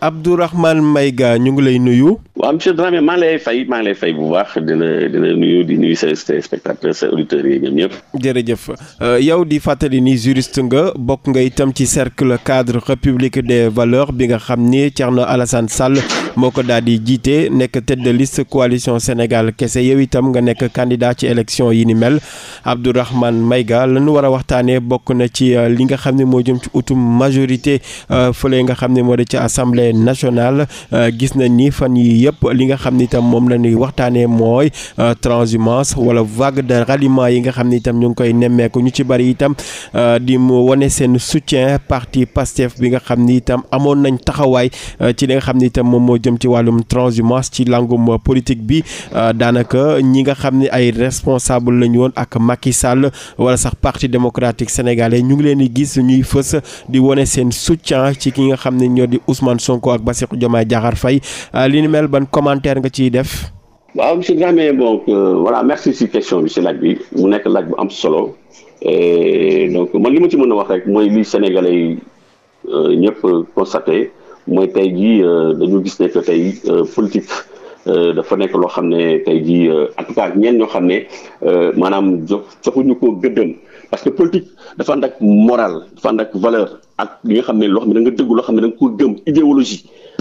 Abdourahmane Maïga ñu ngi lay nuyu. waaw lay fay maa ngi fay bu baax jërëjëf euh, yow di fàttali ni juriste nga bokk nga itam ci cercle cadre république de valeurs bi nga xam ni Thierno Alassane Sall moo ko daal di jiite nekk tête de coalition Sénégal kese yow itam nga nekk candidat ci élection yi ni mel Abdourahmane Maïga la ñu war a waxtaanee bokk na ci euh, li nga xam ne moo jëm ci utum majorité euh, fële nga xam ne moo di ci assemblée. assemblée nationale euh, gis nañ ni fan yi yëpp li nga xam ni tam moom la ñuy waxtaanee mooy euh, transhumance wala vague de ralliement yi nga xam ni itam ñu ngi koy nemmeeku ñu ci bari itam euh, di mu wane seen soutien parti Pastef bi nga xam ni itam amoon nañ taxawaay ci li nga xam ni itam moom moo jëm ci wàllum transhumance ci langum politique bi daanaka ñi nga xam ne ay responsable woon ak Macky Sall wala sax parti démocratique sénégalais ñoo di Ousmane Sonko Sonko ak Bassirou Diomaye Diakhar Faye euh, li ni mel ban commentaire nga ciy def. waaw monsieur Dramé donc euh, voilà merci si question bi si laaj bi mu nekk laaj bu am solo donc man li ma ci mën a wax rek mooy li Sénégalais yi euh, ñëpp constaté mooy tey jii dañu gis ne que tey politique. dafa nekk loo xam ne tey jii en tout cas ñeen ñoo xam ne maanaam jox joxuñu ko gëddëm parce que politique dafa ànd ak morale dafa ànd valeur ak li nga xam ne loo xam ne da nga dëgg loo xam ne da koo ko gëm idéologie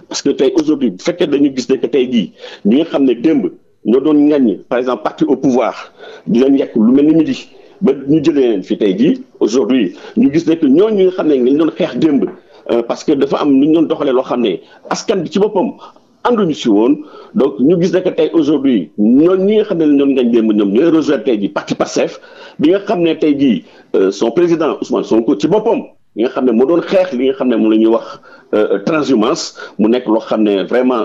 parce que tey aujourd'hui fekkee dañu gis ne que tey jii ñi nga xam ne démb ñoo doon ñaññ par exemple parti au pouvoir di leen yekk lu mel ni mi midi ba ñu jëlee leen fi tey jii aujourd'hui ñu gis ne ñooñ ñooñu nga xam ne dañ doon xeex démb euh, parce que dafa am lu ñu doon doxalee loo xam ne askan bi ci boppam ànduñu si woon donc ñu gis nekk tey aujourd'hui ñoon ñi nga xam ne ñoom ngañ démb ñoom ñooy rejoindre tey ji parti Pastef bi nga xam ne tey jii euh, son président son Sonko ci boppam li nga xam ne moo doon xeex li nga xam ne moom la ñuy wax euh, euh, transhumance mu nekk loo xam ne vraiment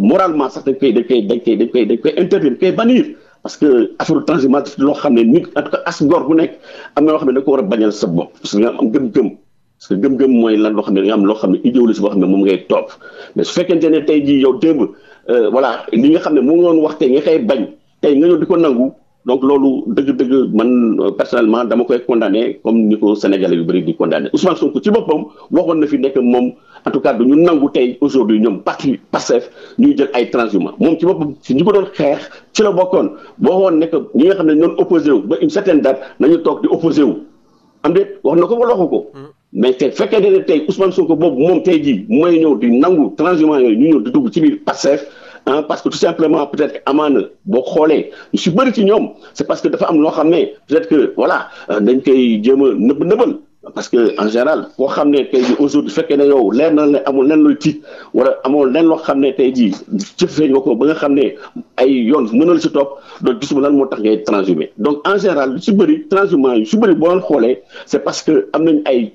moralement sax dañ koy dañ koy dañ koy dañ koy dañ koy interdire dañ parce que affaire transhumance loo xam ne nit en tout cas as gor bu nekk am na loo xam ne da ko war a bañal sa bopp parce que nga am gëm-gëm parce que gëm-gëm mooy lan loo xam ne nga am loo boo xam ne moom ngay topp mais su fekkente ne tey ji yow démb euh, voilà li nga xam ne mu ngoon wax tey nga koy bañ tey nga ko nangu donc loolu dëgg-dëgg man euh, personnellement dama koy condamné comme ni ko sénégalais yu bëri di condamné Ousmane Sonko ci boppam waxoon moom en tout cas du ñu nangu tey aujourd'hui ñoom parti Pastef ñuy jël ay transhumants moom ci boppam ko doon xeex ci la bokkoon waxoon nekk ñi nga xam ne ñoon opposé wu ba une certaine date nañu toog di opposé wu am déet wax na ko wala waxu ko mm. mais te fekkee ne tey Ousmane Sonko boobu moom tey ji mooy ñëw di nangu transhumance yooyu ñu ñëw di dugg ci biir Pastef ah parce que tout simplement peut-être que amaana boo xoolee si bëri ci ñoom c'est parce que dafa am loo xam ne peut voilà euh, dañ koy jéem a nëbb nëbbal parce que en général koo xam ne te jii aujourd'hui fekkee ne yow leer na ne amul len looy tiit wala amul len loo xam ne tey jii jëfee ko ba nga xam ne ay yoon a mënal si top donc gisuma lan moo tax ngay transhumé donc en général si bëri transhumance yi su bëri boo xoolee c'est parce que am nañ ay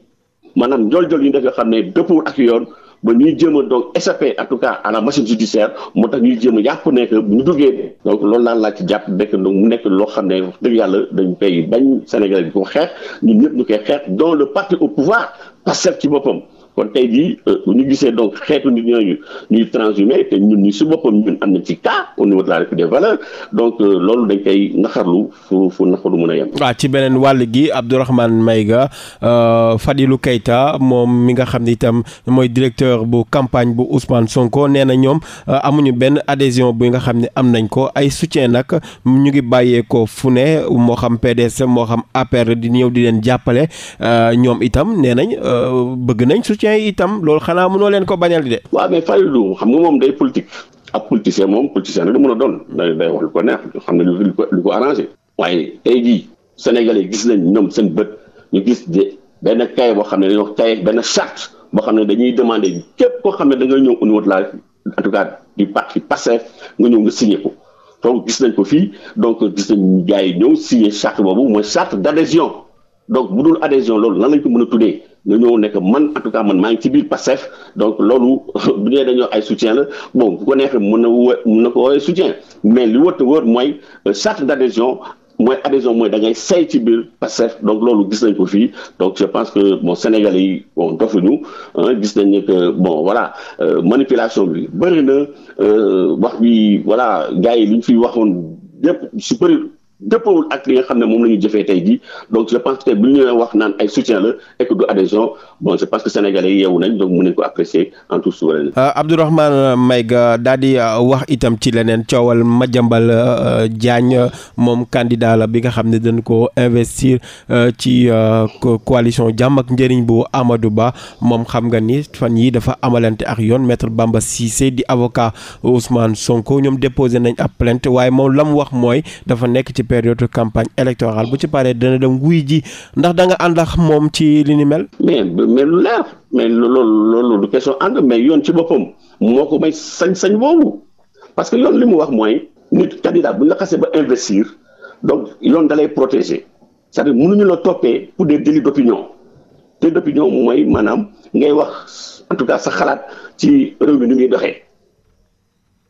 maanaam njool-jool yu def yoo xam ne dëppoo ak yoon ba ñuy jéem a donc échapper en tout cas à la machine judiciaire moo tax ñuy jéem a yàpp nekk bu ñu duggee donc loolu laa laa ci jàpp nekk donc mu nekk loo xam ne wax dëgg yàlla dañ koy bañ Sénégal bi ko xeex ñun ñëpp ñu koy xeex dont le parti au pouvoir Pastef ci boppam kon tey jii euh, bu ñu gisee donc xeetu nit ñooñu ñuy transhumé te ñun ñu si boppam ñun am na ci cas au niveau de la République donc euh, loolu dañ koy naxarlu fu fu naxaru mën a yem. waaw ci beneen wàll gi Abdourahmane Maïga euh, fadilu Keita moom mi nga xam ne itam mooy directeur bu campagne bu Ousmane Sonko nee na ñoom amuñu benn adhésion bu nga xam ne am nañ ko ay soutien nag ñu ngi bàyyeekoo fu ne moo xam PDS moo xam APR di ñëw di leen jàppale ñoom itam nee nañ bëgg nañ soutien yi itam loolu xanaa mënoo leen ko bañal de. waaw mais Falilou xam nga moom day politique ab politicien moom politicien rek la mën a doon day day wax lu ko neex a ne lu ko lu ko arrangé. waaye tey jii Sénégalais gis nañ ñoom seen bët ñu gis de benn cahier boo xam ne dañuy wax cahier benn charte boo xam ne dañuy demandé képp koo xam ne da nga ñëw au niveau de la en tout cas nga ñëw nga signé ko. donc gis nañ ko fii donc gis nañ gars yi ñëw signé charte boobu mooy charte d' adhésion donc bu dul adhésion loolu lan lañ ko mën a tuddee nga ñëw man en tout man maa ngi ci biir Pastef donc loolu bu dee dañoo ay soutien la bon bu ko na woo mën na ko mais li wër te mooy euh, charte d' adhésion mooy adhésion mooy da say ci biir Pastef donc loolu gis nañ ko fii donc je pense que bon Sénégalais yi bon dofuñu gis nañ ne que bon voilà euh, manipulation bi bëri na euh, wax bi wala gars yi li ñu fi waxoon yëpp su bëri. dëppawul ak li nga xam ne moom la ñu jëfee tey jii donc je pense que bu ñu wax naan ay soutien la et que du adhésion bon je pense que sénégalais yeewu nañ donc mën nañ ko apprécier en toute souveraineté. Euh, Abdourahmane daal di euh, wax itam ci leneen coowal Madiambal jaañ euh, moom candidat la bi nga xam ne dañ ko investir ci coalition jàmm ak njëriñ bu amadu Ba moom xam nga ni fan yi dafa amalante ak yoon maître Bamba Cissé di avocat Ousmane Sonko ñoom déposé nañ ab plainte waay moom la wax mooy dafa nekk période campagne électorale bu ci paree dana dem wuy ji ndax danga ànd ak moom ci li ni mel. mais mais lu leer mais loolu loolu question ànd mais yoon ci boppam moo ko may sañ-sañ boobu parce que yoon li mu wax mooy nit candidat bu ñu la xasee ba investir donc yoon da lay sa c'est-à-dire mënuñu la toppee pour des délits d'opinion te d'opinion mooy maanaam ngay wax en tout cas sa xalaat ci réew mi ni muy doxee.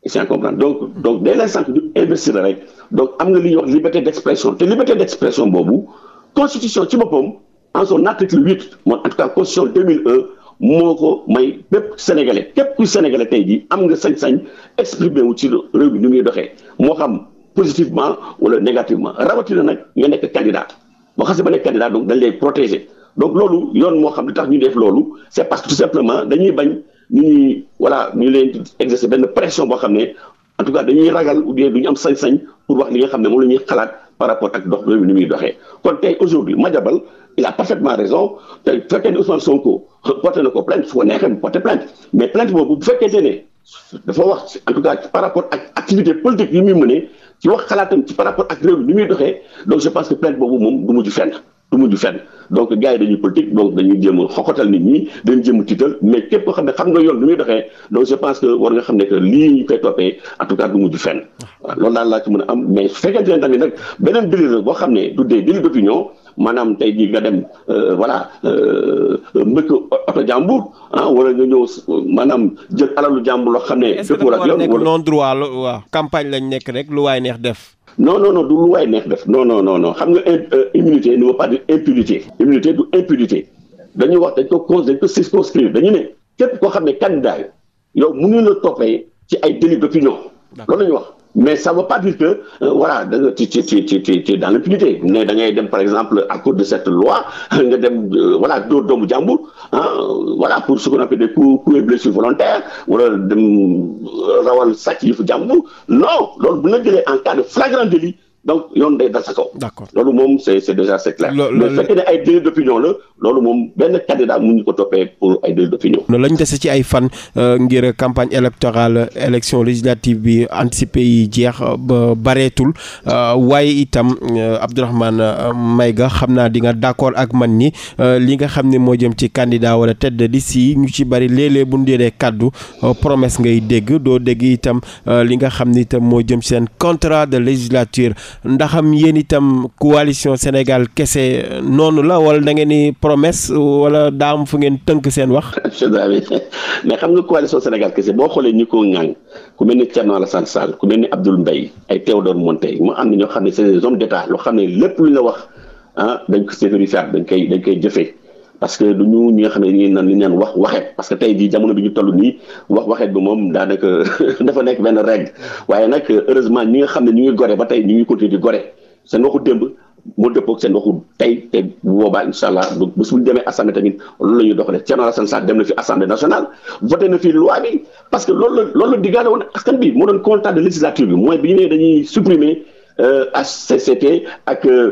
c'est donc donc dès l'instant que ñu investir rek donc am nga li ñuy wax liberté d' expression te liberté d' expression boobu constitution ci boppam en son article huit moom en tout cas constitution 2001 moo ko may bépp sénégalais képp kuy sénégalais tey jii am nga sañ-sañ exprimer wu ci réew bi ni muy doxee moo xam positivement wala négativement rawatina nag nga nekk candidat boo xasee ba nekk candidat donc dañ lay protéger donc loolu yoon moo xam li tax ñu def loolu c' parce que tout simplement dañuy bañ ñu ñuy voilà ñu leen exercer benn pression boo xam ne en tout cas dañuy ragal ou bien du ñu am sañ-sañ. pour wax li nga xam ne moom la ñuy xalaat par rapport ak dox bi ni muy doxee kon tey aujourd'hui Madiambal il a parfaitement raison te fekkee ne Ousmane Sonko porté na ko plainte su ko neexee mu porté plainte mais plainte boobu bu fekkente ne dafa wax en tout cas par rapport ak activité politique yi muy mënee ci wax xalaatam ci par rapport ak réew mi ni muy doxee donc je pense que plainte boobu moom du mujj fenn du mujj fenn donc gars yi dañuy politique donc dañuy jéem a xoxotal nit ñi dañuy jéem ne xam nga yoon lu muy doxee donc je pense que war nga xam ne que lii ñu koy toppee en du mujj fenn loolu daal laa ci mën a am mais su fekkente ne tamit nag beneen délit boo xam ne du dee délit d'opinion maanaam tey jii nga dem euh, voilà euh, mbëkk oto jàmbur ah wala nga ñëw maanaam jël alalu jàmbur loo xam ne. dëppoo ak yoon wala non droit waaw campagne lañ nekk rek lu waay neex def. non non non du lu waay neex def non xam nga euh, immunité ne veut pas dire impunité immunité du impunité dañuy wax dañ ko cause dañ ko circonscrire dañu ne képp koo xam ne candidat yow mënuñu la toppee ci ay délits d'opinion loolu la ñu wax mais ça veut pas dire que euh, voilà da nga ci ci ci ci ci ci dans l'impunité ne da ngay dem par exemple à cause de cette loi nga dem euh, voilà dóor doomu jàmbur ah voilà pour ce qu'on appelle des coups coups et blessures wala dem euh, rawal sàcc yëfu jàmbur non loolu bu na jëlee en cas de flagrant délit donc yoon day dal sa kaw. loolu moom c'est c'est déjà c'est clair. loolu mais fekkee ne ay délit d'opinion la loolu moom benn candidat mu ñu ko toppee pour ay délit d'opinion. la ñu dese ci ay fan euh, ngir campagne électorale élection législative bi anticipée yi jeex euh, ba bareetul euh, waaye itam may ga xam naa dinga nga d'accord ak man ni li nga xam ne moo jëm ci candidat wala tête de liste yi ñu ci bari léeg-léeg bu dee déedee kaddu promesse ngay dégg dégg itam li nga xam ni itam moo jëm seen contrat de législature. ndaxam yéen itam coalition Sénégal kese noonu la wala da ngeen ni promesse wala daamu fu ngeen tënk seen wax. mais xam nga coalition Sénégal kese boo xoolee ñu ko ŋàng ku mel ni Thierno Alassane Sall ku mel ni Abdoul Mbaye ay Théodore Monteil mu am na ñoo xam ne c'est des hommes d'État loo xam ne lépp lu ñu la wax ah dañ ko sécuriser dañ koy dañ koy jëfee. parce que du ñu ñi nga xam ne ñu naan naan wax waxeet parce que tey jii jamono bi ñu toll nii wax waxeet bi moom daanaka dafa nekk benn règle waaye nag heureusement ñi nga xam ne ñu ngi gore ba tey ñu ngi continuer di gore seen waxu démb moo dëppoog seen waxu tey te boobaa incha allah donc bu ñu demee assemblée tamit loolu la ñuy doxalee Thierno Alassane Sall dem na fi assemblée nationale voté na fi loi bi parce que loolu la loolu la diggaale woon askan bi moo doon contrat de bi mooy bi ñu ne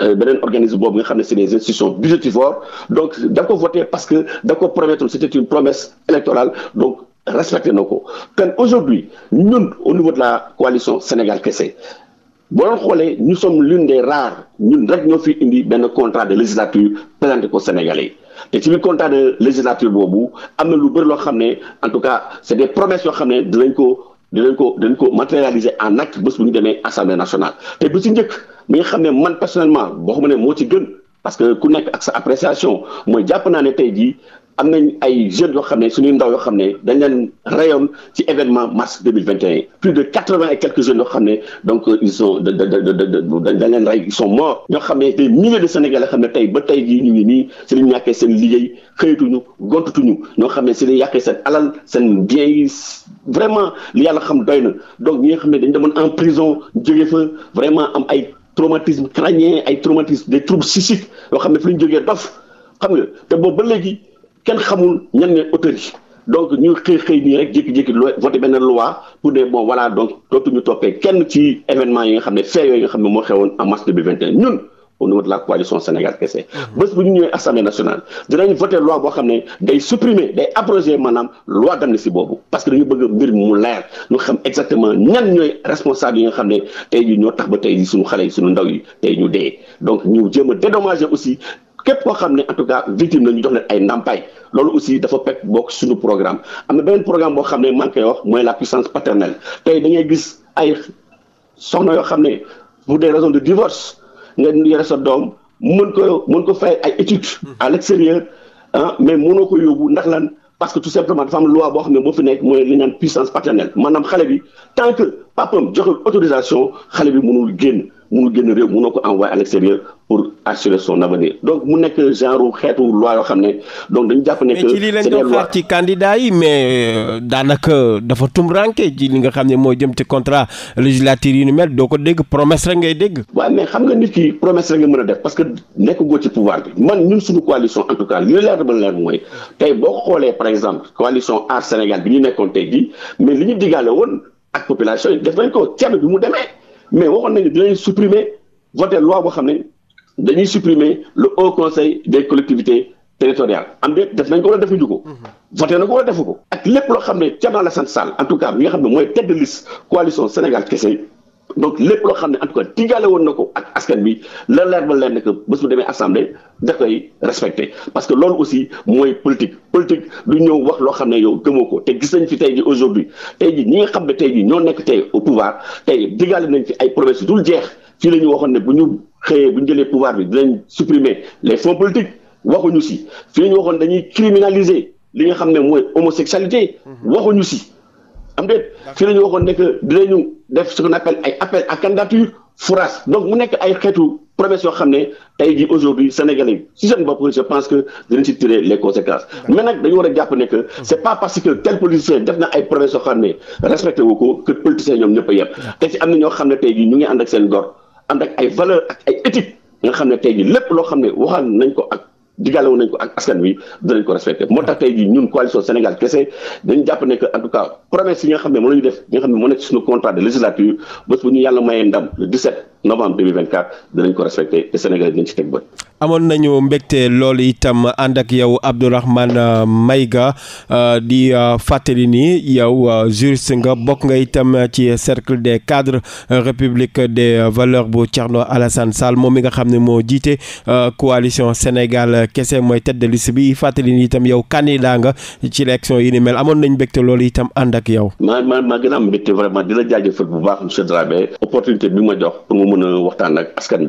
Euh, beneen organisme boobu nga xam ne c'est des institutions budgétivores donc da ko parce que da ko promettre c'était une promesse électorale donc respecté na ko kon aujourd'hui ñun au niveau de la coalition Sénégal Kessé boo doon xoolee ñu sommes l'une des rares ñun rek ñoo fi indi benn contrat de législature présenté ko Sénégalais te ci biir contrat de législature boobu am na lu bëri loo xam ne en tout cas c'est des promesses yoo xam ne dinañ ko dinañ ko dinañ ko matérialiser en acte bés bu ñu demee assemblée nationale te bu ci njëkk mi nga xam ne man personnellement boo xam ne moo ci gën parce que ku nekk ak sa appréciation mooy jàpp naa ne tey ji am nañ ay jeunes yoo xam ne suñuy ndaw yoo xam ne dañ leen rayoon ci événement mars deux mille vingt et de quatre vingt et quelques jeunes yoo xam ne donc euh, ils sont da da da da dañ leen ray ils xam ne des milliers de xam ne ba tey jii ñu ngi nii si lañ ñàkkee seen liggéey xëyatuñu gontutuñu ñoo xam ne si lañ yàqee seen alal seen biens vraiment yàlla xam doy na donc ñi nga xam ne dañ demoon en prison jóge fa vraiment am ay traumatisme crânien ay traumatisme des troubles psychiques yoo xam ne fi lañ jógee dof xam nga te boobu léegi kenn xamul ñan ne auteur yi donc ñu xëy xëy nii rek jékki-jékki loo voté benn loi pour ne bon voilà donc dootuñu toppee kenn ci événement yi nga xam ne fee yooyu nga xam ne moo xewoon en mars 2021 ñun au niveau de la coalition Sénégal kese mmh. bés bu ñu ñëwee assemblée nationale dinañ voté loi boo xam ne day supprimer day abroger maanaam loi d'amnistie boobu parce que dañu bëgg mbir mu leer ñu xam exactement ñan ñooy responsable yi nga xam ne te jii ñoo tax ba tey jii suñu xale yi suñu ndaw yi tey ñu dee donc ñu jéem a dédommager aussi képp koo xam ne en tout cas victime la ñu jox leen ay ndàmpaay loolu aussi dafa pekk bokk suñu programme am na beneen programme boo xam ne man koy wax mooy la puissance paternelle tey da ngay gis ay soxna yoo xam ne pour des raisons de divorce nga yore sa doom mën ko mën ko fay ay études à l'extérieur ah mais ko ndax lan parce que tout simplement dafa am loi boo xam ne moo fi nekk mooy li naan puissance paternelle maanaam xale bi tant que papam joxul autorisation xale bi mënul génn mënul génn réew mënoo ko envoyé à l'extérieur pour assurer son avenir donc mu nekk genre xeetu loi yoo xam ne donc dañu jàpp ne que. mais ci li lañ doon xaar ci candidat yi mais euh, daanaka dafa tumranke li nga xam ne mooy jëm ci contrat législatif yi ni doo ko dégg promesse rek ngay dégg. waaw mais xam nga nit ki promesse nga mën a def parce que nekk goo ci pouvoir bi man ñun suñu coalition en tout cas li leer ba leer mooy tey boo xoolee par exemple coalition Aar Sénégal bi ñu nekkoon tey jii mais li ñu digaale woon ak population yi def nañ ko ceeb bi mu demee. mais waxoon nañu dinañ suprimer voter loi boo xam ne dañuy supprimer le haut conseil des collectivités territoriales am déet def nañ ko wala defuñu ko. Mhm. voté na ko wala defu ak lépp loo xam ne Thierno Alassane Sall en tout cas mi nga xam ne mooy tête de liste coalition Sénégal kese. donc lépp loo xam ne en tout cas digaale woon na ko ak askan bi la leer ba leer ne que su demee assemblée da koy respecté parce que loolu aussi mooy politique politique du ñëw wax loo xam ne yow gëmoo ko te gis nañ fi tey ji aujourd'hui tey ji ñi nga xam ne tey ji ñoo nekk tey au pouvoir tey digaale nañ fi ay promesses dul jeex fii la ñu waxoon ne bu ñu xëyee bu ñu jëlee pouvoir bi dinañ supprimer les fonds politiques waxuñu si fii la ñu waxoon dañuy criminaliser li nga xam ne mooy homosexualité mhm. waxuñu si am déet fi la ñu waxoon ne que def ce qu'on appelle ay appel à candidature foras donc mu nekk ay xeetu promesse yoo xam ne tey jii aujourd'hui sénégalais si seen bopp je pense que dinañ si tirer les conséquences mais nag dañu war a jàpp ne que hmm. c'est pas parce que tel politicien def na ay promesse yoo xam ne respecté wu ko politicien ñoom ñëpp a yem te si am na ñoo xam ne tey jii ñu ngi ànd ak seen gor ànd ak ay valeur ak ay éthique nga xam ne tey jii lépp loo xam ne waxal nañ ko ak digale woon nañ ko ak askan wi danañ ko respecté moo tax tey jii ñun coalition Sénégal kese dañ jàpp ne que en tout cas promesse yi nga xam ne moom la ñu nga xam ne moo nekk suñu contrat de législature bés bu ñu yàlla mayee ndam le 17 novembre 2024 ko respecté te Sénégal dinañ ci teg bët. amoon nañu mbégte loolu itam ànd ak yow Abdourahmane euh, Maïga euh, di euh, fàttali ni yow juriste nga bokk nga itam ci cercle des cadre république de valeur bu Thierno Alassane Sall moom mi nga xam ne moo jiite coalition Sénégal kese mooy tête de liste bi fàttali ni itam yow candidat nga ci élection yi ni mel amoon nañ mbégte loolu itam ànd ak yow. maa ma maa gën a am mbégte vraiment di la jaajëfal bu baax monsieur Dramé bi ma jox mën a waxtaan ak askan bi